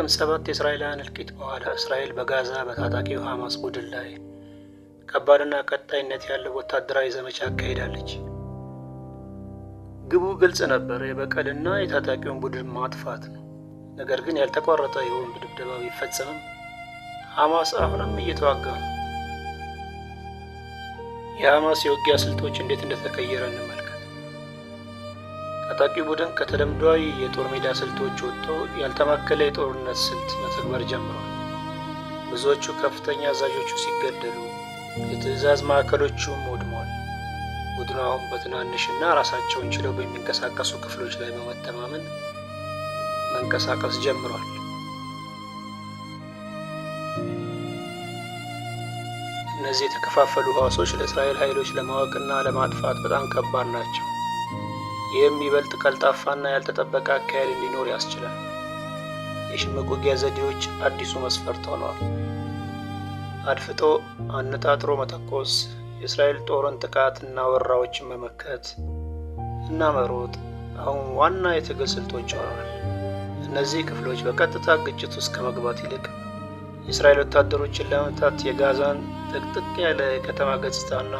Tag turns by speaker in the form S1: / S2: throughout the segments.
S1: ከጥቅምት ሰባት የእስራኤላውያን እልቂት በኋላ እስራኤል በጋዛ በታጣቂው ሐማስ ቡድን ላይ ከባድና ቀጣይነት ያለው ወታደራዊ ዘመቻ አካሄዳለች። ግቡ ግልጽ ነበር፣ የበቀልና የታጣቂውን ቡድን ማጥፋት ነው። ነገር ግን ያልተቋረጠ የቦምብ ድብደባ ቢፈጸምም ሐማስ አሁንም እየተዋጋ ነው። የሐማስ የውጊያ ስልቶች እንዴት እንደተቀየረ እንመለ ታጣቂ ቡድን ከተለምዷዊ የጦር ሜዳ ስልቶች ወጥቶ ያልተማከለ የጦርነት ስልት መተግበር ጀምሯል። ብዙዎቹ ከፍተኛ አዛዦቹ ሲገደሉ፣ የትዕዛዝ ማዕከሎቹም ወድመዋል። ቡድኑ አሁን በትናንሽና ራሳቸውን ችለው በሚንቀሳቀሱ ክፍሎች ላይ በመተማመን መንቀሳቀስ ጀምሯል። እነዚህ የተከፋፈሉ ህዋሶች ለእስራኤል ኃይሎች ለማወቅና ለማጥፋት በጣም ከባድ ናቸው። ይህም ይበልጥ ቀልጣፋና ያልተጠበቀ አካሄድ እንዲኖር ያስችላል። የሽምቅ ውጊያ ዘዴዎች አዲሱ መስፈርት ሆነዋል። አድፍጦ አነጣጥሮ መተኮስ፣ የእስራኤል ጦርን ጥቃት እና ወራዎችን መመከት እና መሮጥ አሁን ዋና የትግል ስልቶች ሆነዋል። እነዚህ ክፍሎች በቀጥታ ግጭት ውስጥ ከመግባት ይልቅ የእስራኤል ወታደሮችን ለመምታት የጋዛን ጥቅጥቅ ያለ የከተማ ገጽታና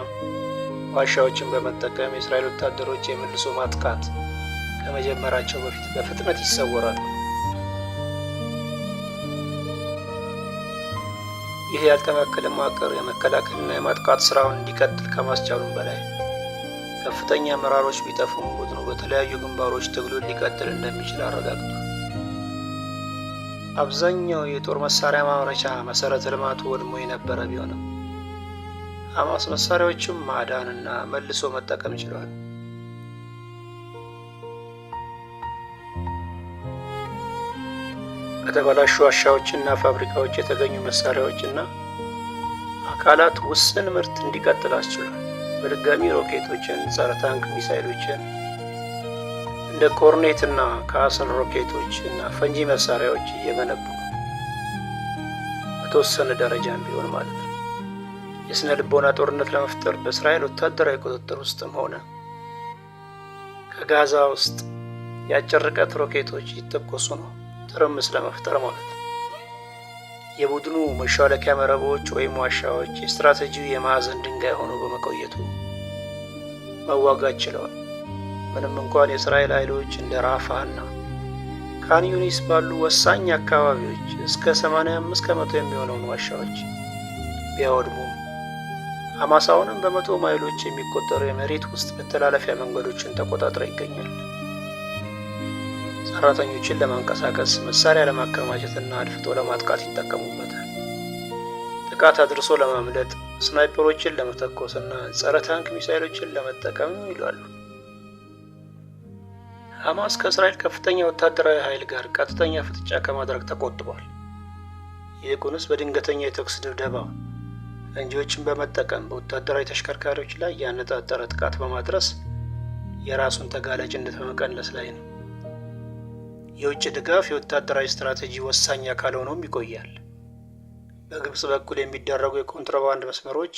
S1: ዋሻዎችን በመጠቀም የእስራኤል ወታደሮች የመልሶ ማጥቃት ከመጀመራቸው በፊት በፍጥነት ይሰወራሉ። ይህ ያልተማከለ መዋቅር የመከላከልና የማጥቃት ስራውን እንዲቀጥል ከማስቻሉም በላይ ከፍተኛ አመራሮች ቢጠፉም ቡድኑ በተለያዩ ግንባሮች ትግሉን ሊቀጥል እንደሚችል አረጋግጧል። አብዛኛው የጦር መሳሪያ ማምረቻ መሰረተ ልማቱ ወድሞ የነበረ ቢሆንም መሳሪያዎችም ማዳንና መልሶ መጠቀም ችለዋል። ከተበላሹ ዋሻዎችና ፋብሪካዎች የተገኙ መሳሪያዎችና አካላት ውስን ምርት እንዲቀጥል አስችሏል። በድጋሚ ሮኬቶችን፣ ጸረ ታንክ ሚሳይሎችን እንደ ኮርኔትና ካስን ሮኬቶች እና ፈንጂ መሳሪያዎች እየገነቡ በተወሰነ ደረጃም ቢሆን ማለት ነው። የሥነ ልቦና ጦርነት ለመፍጠር በእስራኤል ወታደራዊ ቁጥጥር ውስጥም ሆነ ከጋዛ ውስጥ የአጭር ርቀት ሮኬቶች ይተኮሱ ነው፣ ትርምስ ለመፍጠር ማለት ነው። የቡድኑ መሿለኪያ መረቦች ወይም ዋሻዎች የስትራቴጂው የማዕዘን ድንጋይ ሆኖ በመቆየቱ መዋጋት ችለዋል። ምንም እንኳን የእስራኤል ኃይሎች እንደ ራፋና ካን ዩኒስ ባሉ ወሳኝ አካባቢዎች እስከ 85 ከመቶ የሚሆነውን ዋሻዎች ቢያወድሙም አማሳውንም በመቶ ማይሎች የሚቆጠሩ የመሬት ውስጥ መተላለፊያ መንገዶችን ተቆጣጥረ ይገኛል። ሰራተኞችን ለማንቀሳቀስ መሳሪያ ለማከማቸትና አድፍቶ ለማጥቃት ይጠቀሙበታል። ጥቃት አድርሶ ለማምለጥ ስናይፐሮችን ለመተኮስና ጸረ ታንክ ሚሳይሎችን ለመጠቀም ይሏሉ። ሐማስ ከእስራኤል ከፍተኛ ወታደራዊ ኃይል ጋር ቀጥተኛ ፍጥጫ ከማድረግ ተቆጥቧል። ይልቁንስ በድንገተኛ የተኩስ ድብደባ ፈንጂዎችን በመጠቀም በወታደራዊ ተሽከርካሪዎች ላይ ያነጣጠረ ጥቃት በማድረስ የራሱን ተጋላጭነት በመቀነስ ላይ ነው። የውጭ ድጋፍ የወታደራዊ ስትራቴጂ ወሳኝ አካል ሆኖም ይቆያል። በግብፅ በኩል የሚደረጉ የኮንትሮባንድ መስመሮች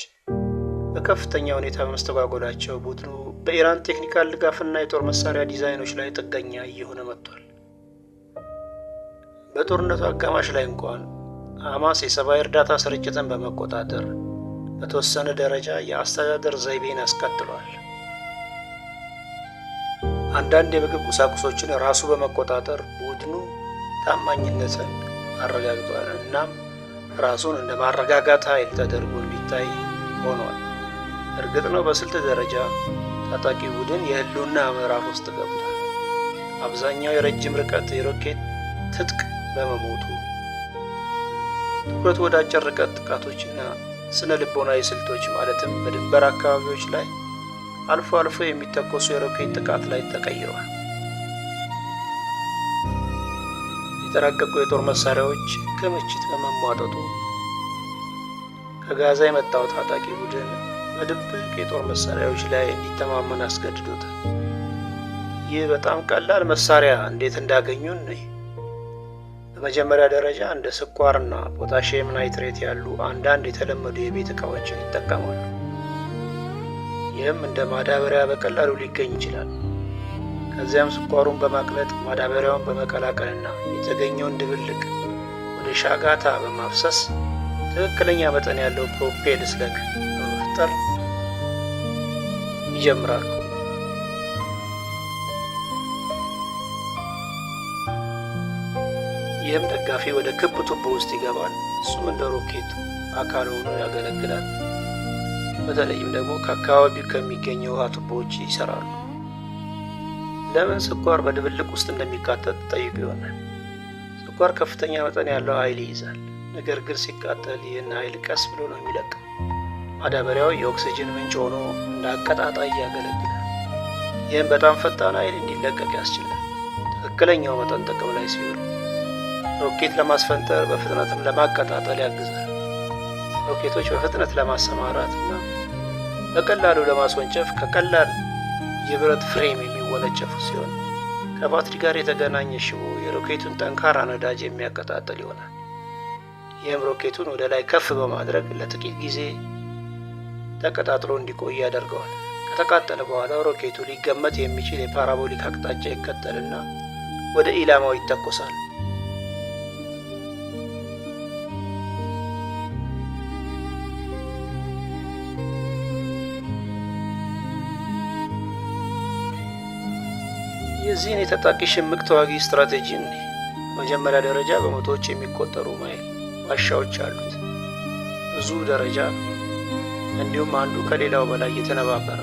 S1: በከፍተኛ ሁኔታ በመስተጓጎላቸው ቡድኑ በኢራን ቴክኒካል ድጋፍና የጦር መሳሪያ ዲዛይኖች ላይ ጥገኛ እየሆነ መጥቷል። በጦርነቱ አጋማሽ ላይ እንኳን ሐማስ የሰብአዊ እርዳታ ስርጭትን በመቆጣጠር በተወሰነ ደረጃ የአስተዳደር ዘይቤን አስከትሏል። አንዳንድ የምግብ ቁሳቁሶችን ራሱ በመቆጣጠር ቡድኑ ታማኝነትን አረጋግጧል። እናም ራሱን እንደ ማረጋጋት ኃይል ተደርጎ እንዲታይ ሆኗል። እርግጥ ነው በስልት ደረጃ ታጣቂ ቡድን የህልውና ምዕራፍ ውስጥ ገብቷል። አብዛኛው የረጅም ርቀት የሮኬት ትጥቅ በመሞቱ ትኩረት ወደ አጭር ርቀት ጥቃቶችና ስነ ልቦናዊ ስልቶች ማለትም በድንበር አካባቢዎች ላይ አልፎ አልፎ የሚተኮሱ የሮኬት ጥቃት ላይ ተቀይሯል። የተራቀቁ የጦር መሳሪያዎች ክምችት በመሟጠጡ ከጋዛ የመጣው ታጣቂ ቡድን በድብቅ የጦር መሳሪያዎች ላይ እንዲተማመን አስገድዶታል። ይህ በጣም ቀላል መሳሪያ እንዴት እንዳገኙን በመጀመሪያ ደረጃ እንደ ስኳርና ፖታሽየም ናይትሬት ያሉ አንዳንድ የተለመዱ የቤት እቃዎችን ይጠቀማሉ። ይህም እንደ ማዳበሪያ በቀላሉ ሊገኝ ይችላል። ከዚያም ስኳሩን በማቅለጥ ማዳበሪያውን በመቀላቀልና የተገኘውን ድብልቅ ወደ ሻጋታ በማፍሰስ ትክክለኛ መጠን ያለው ፕሮፔን ስለግ በመፍጠር ይጀምራሉ። ይህም ደጋፊ ወደ ክብ ቱቦ ውስጥ ይገባል። እሱም እንደ ሮኬት አካል ሆኖ ያገለግላል። በተለይም ደግሞ ከአካባቢው ከሚገኘ ውሃ ቱቦዎች ይሰራሉ። ለምን ስኳር በድብልቅ ውስጥ እንደሚቃጠል ጠይቁ ይሆናል። ስኳር ከፍተኛ መጠን ያለው ኃይል ይይዛል። ነገር ግን ሲቃጠል ይህን ኃይል ቀስ ብሎ ነው የሚለቅ። ማዳበሪያው የኦክሲጅን ምንጭ ሆኖ እንደ አቀጣጣይ ያገለግላል። ይህም በጣም ፈጣን ኃይል እንዲለቀቅ ያስችላል። ትክክለኛው መጠን ጥቅም ላይ ሲውል ሮኬት ለማስፈንጠር በፍጥነትም ለማቀጣጠል ያግዛል። ሮኬቶች በፍጥነት ለማሰማራት እና በቀላሉ ለማስወንጨፍ ከቀላል የብረት ፍሬም የሚወነጨፉ ሲሆን ከባትሪ ጋር የተገናኘ ሽቦ የሮኬቱን ጠንካራ ነዳጅ የሚያቀጣጥል ይሆናል። ይህም ሮኬቱን ወደ ላይ ከፍ በማድረግ ለጥቂት ጊዜ ተቀጣጥሎ እንዲቆይ ያደርገዋል። ከተቃጠለ በኋላ ሮኬቱ ሊገመት የሚችል የፓራቦሊክ አቅጣጫ ይከተልና ወደ ኢላማው ይተኮሳል። የዚህን የተጣቂ ሽምቅ ተዋጊ ስትራቴጂን መጀመሪያ ደረጃ በመቶዎች የሚቆጠሩ ማይል ዋሻዎች አሉት። ብዙ ደረጃ እንዲሁም አንዱ ከሌላው በላይ የተነባበረ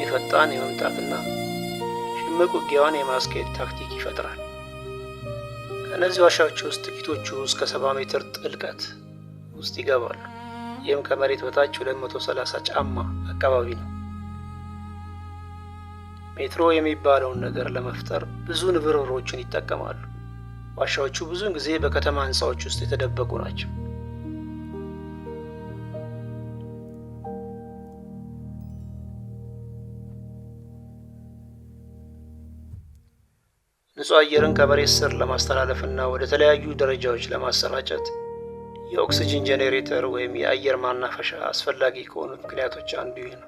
S1: የፈጣን የመምጣትና ሽምቅ ውጊያዋን የማስኬድ ታክቲክ ይፈጥራል። ከእነዚህ ዋሻዎች ውስጥ ጥቂቶቹ እስከ 70 ሜትር ጥልቀት ውስጥ ይገባሉ። ይህም ከመሬት በታች 230 ጫማ አካባቢ ነው። ሜትሮ የሚባለውን ነገር ለመፍጠር ብዙ ንብርብሮችን ይጠቀማሉ። ዋሻዎቹ ብዙውን ጊዜ በከተማ ህንፃዎች ውስጥ የተደበቁ ናቸው። ንጹህ አየርን ከመሬት ስር ለማስተላለፍና ወደ ተለያዩ ደረጃዎች ለማሰራጨት የኦክስጅን ጄኔሬተር ወይም የአየር ማናፈሻ አስፈላጊ ከሆኑ ምክንያቶች አንዱ ይህ ነው።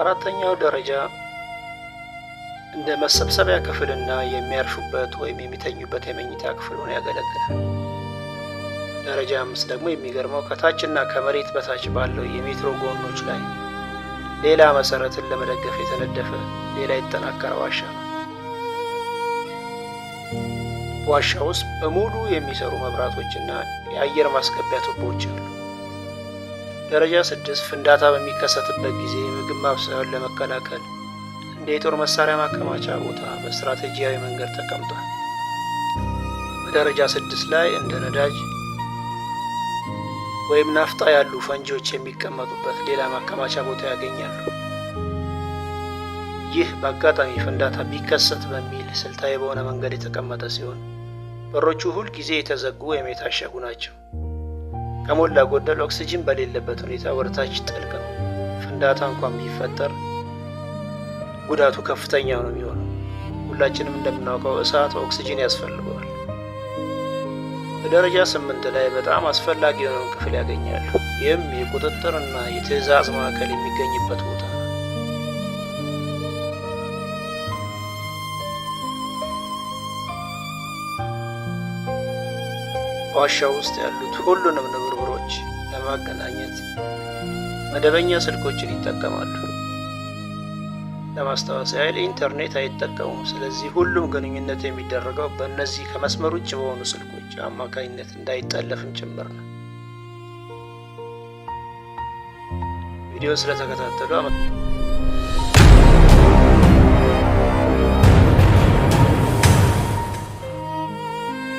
S1: አራተኛው ደረጃ እንደ መሰብሰቢያ ክፍልና የሚያርፉበት ወይም የሚተኙበት የመኝታ ክፍል ሆኖ ያገለግላል። ደረጃ አምስት ደግሞ የሚገርመው ከታችና ከመሬት በታች ባለው የሜትሮ ጎኖች ላይ ሌላ መሰረትን ለመደገፍ የተነደፈ ሌላ የተጠናከረ ዋሻ ነው። ዋሻ ውስጥ በሙሉ የሚሰሩ መብራቶችና የአየር ማስገቢያ ቱቦዎች አሉ። ደረጃ ስድስት ፍንዳታ በሚከሰትበት ጊዜ ምግብ ማብሰያውን ለመከላከል እንደ የጦር መሳሪያ ማከማቻ ቦታ በስትራቴጂያዊ መንገድ ተቀምጧል። በደረጃ ስድስት ላይ እንደ ነዳጅ ወይም ናፍጣ ያሉ ፈንጂዎች የሚቀመጡበት ሌላ ማከማቻ ቦታ ያገኛሉ። ይህ በአጋጣሚ ፍንዳታ ቢከሰት በሚል ስልታዊ በሆነ መንገድ የተቀመጠ ሲሆን በሮቹ ሁል ጊዜ የተዘጉ ወይም የታሸጉ ናቸው። ከሞላ ጎደል ኦክስጅን በሌለበት ሁኔታ ወደታች ጥልቅ ነው። ፍንዳታ እንኳን ቢፈጠር ጉዳቱ ከፍተኛ ነው የሚሆነው። ሁላችንም እንደምናውቀው እሳት ኦክስጅን ያስፈልገዋል። በደረጃ ስምንት ላይ በጣም አስፈላጊ የሆነውን ክፍል ያገኛሉ። ይህም የቁጥጥርና የትዕዛዝ ማዕከል የሚገኝበት ቦታ ዋሻ ውስጥ ያሉት ሁሉንም ንብርብሮች ለማገናኘት መደበኛ ስልኮችን ይጠቀማሉ። ለማስታወስ ያህል ኢንተርኔት አይጠቀሙም። ስለዚህ ሁሉም ግንኙነት የሚደረገው በእነዚህ ከመስመር ውጭ በሆኑ ስልኮች አማካኝነት እንዳይጠለፍም ጭምር ነው። ቪዲዮ ስለተከታተሉ